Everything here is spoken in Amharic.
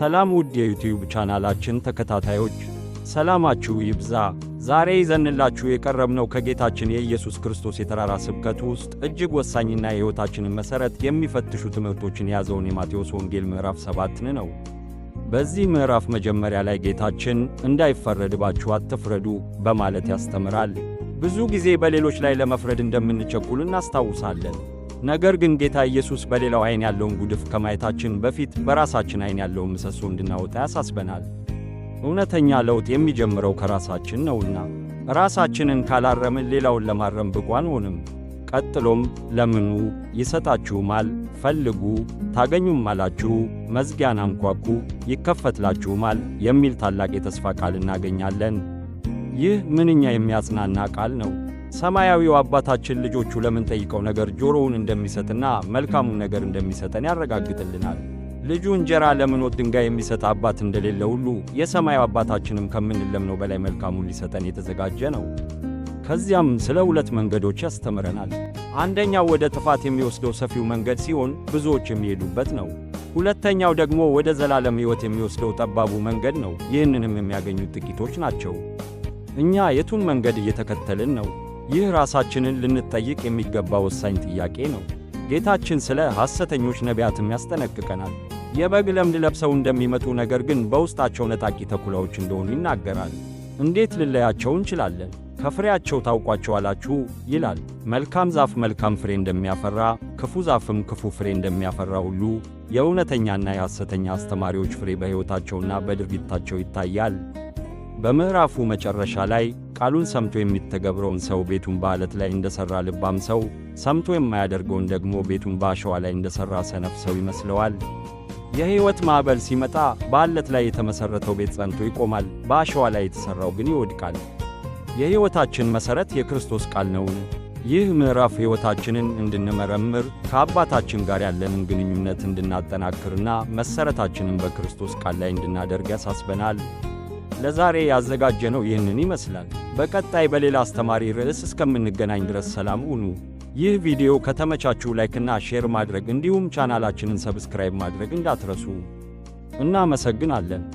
ሰላም ውድ የዩቲዩብ ቻናላችን ተከታታዮች ሰላማችሁ ይብዛ። ዛሬ ይዘንላችሁ የቀረብነው ከጌታችን የኢየሱስ ክርስቶስ የተራራ ስብከት ውስጥ እጅግ ወሳኝና የሕይወታችንን መሠረት የሚፈትሹ ትምህርቶችን የያዘውን የማቴዎስ ወንጌል ምዕራፍ ሰባትን ነው። በዚህ ምዕራፍ መጀመሪያ ላይ ጌታችን እንዳይፈረድባችሁ አትፍረዱ በማለት ያስተምራል። ብዙ ጊዜ በሌሎች ላይ ለመፍረድ እንደምንቸኩል እናስታውሳለን። ነገር ግን ጌታ ኢየሱስ በሌላው ዐይን ያለውን ጉድፍ ከማየታችን በፊት በራሳችን ዐይን ያለውን ምሰሶ እንድናወጣ ያሳስበናል። እውነተኛ ለውጥ የሚጀምረው ከራሳችን ነውና ራሳችንን ካላረምን ሌላውን ለማረም ብቁ አንሆንም። ቀጥሎም ለምኑ ይሰጣችሁማል፣ ፈልጉ ታገኙማላችሁ፣ መዝጊያን አንኳኩ ይከፈትላችሁማል የሚል ታላቅ የተስፋ ቃል እናገኛለን። ይህ ምንኛ የሚያጽናና ቃል ነው! ሰማያዊው አባታችን ልጆቹ ለምንጠይቀው ነገር ጆሮውን እንደሚሰጥና መልካሙን ነገር እንደሚሰጠን ያረጋግጥልናል። ልጁ እንጀራ ለምኖት ድንጋይ የሚሰጥ አባት እንደሌለ ሁሉ የሰማዩ አባታችንም ከምንለምነው በላይ መልካሙን ሊሰጠን የተዘጋጀ ነው። ከዚያም ስለ ሁለት መንገዶች ያስተምረናል። አንደኛው ወደ ጥፋት የሚወስደው ሰፊው መንገድ ሲሆን ብዙዎች የሚሄዱበት ነው። ሁለተኛው ደግሞ ወደ ዘላለም ሕይወት የሚወስደው ጠባቡ መንገድ ነው። ይህንንም የሚያገኙት ጥቂቶች ናቸው። እኛ የቱን መንገድ እየተከተልን ነው? ይህ ራሳችንን ልንጠይቅ የሚገባ ወሳኝ ጥያቄ ነው። ጌታችን ስለ ሐሰተኞች ነቢያትም ያስጠነቅቀናል። የበግ ለምድ ለብሰው እንደሚመጡ ነገር ግን በውስጣቸው ነጣቂ ተኩላዎች እንደሆኑ ይናገራል። እንዴት ልለያቸው እንችላለን? ከፍሬያቸው ታውቋቸዋላችሁ ይላል። መልካም ዛፍ መልካም ፍሬ እንደሚያፈራ፣ ክፉ ዛፍም ክፉ ፍሬ እንደሚያፈራ ሁሉ የእውነተኛና የሐሰተኛ አስተማሪዎች ፍሬ በሕይወታቸውና በድርጊታቸው ይታያል። በምዕራፉ መጨረሻ ላይ ቃሉን ሰምቶ የሚተገብረውን ሰው ቤቱን በዓለት ላይ ሠራ ልባም ሰው ሰምቶ የማያደርገውን ደግሞ ቤቱን በአሸዋ ላይ ሠራ ሰነፍ ሰው ይመስለዋል። የሕይወት ማዕበል ሲመጣ በዓለት ላይ የተመሠረተው ቤት ጸንቶ ይቆማል፣ በአሸዋ ላይ የተሠራው ግን ይወድቃል። የሕይወታችን መሠረት የክርስቶስ ቃል ነውን? ይህ ምዕራፍ ሕይወታችንን እንድንመረምር ከአባታችን ጋር ያለንን ግንኙነት እንድናጠናክርና መሠረታችንን በክርስቶስ ቃል ላይ እንድናደርግ ያሳስበናል። ለዛሬ ያዘጋጀነው ይህንን ይመስላል። በቀጣይ በሌላ አስተማሪ ርዕስ እስከምንገናኝ ድረስ ሰላም ሁኑ። ይህ ቪዲዮ ከተመቻችሁ ላይክና ሼር ማድረግ እንዲሁም ቻናላችንን ሰብስክራይብ ማድረግ እንዳትረሱ። እናመሰግናለን።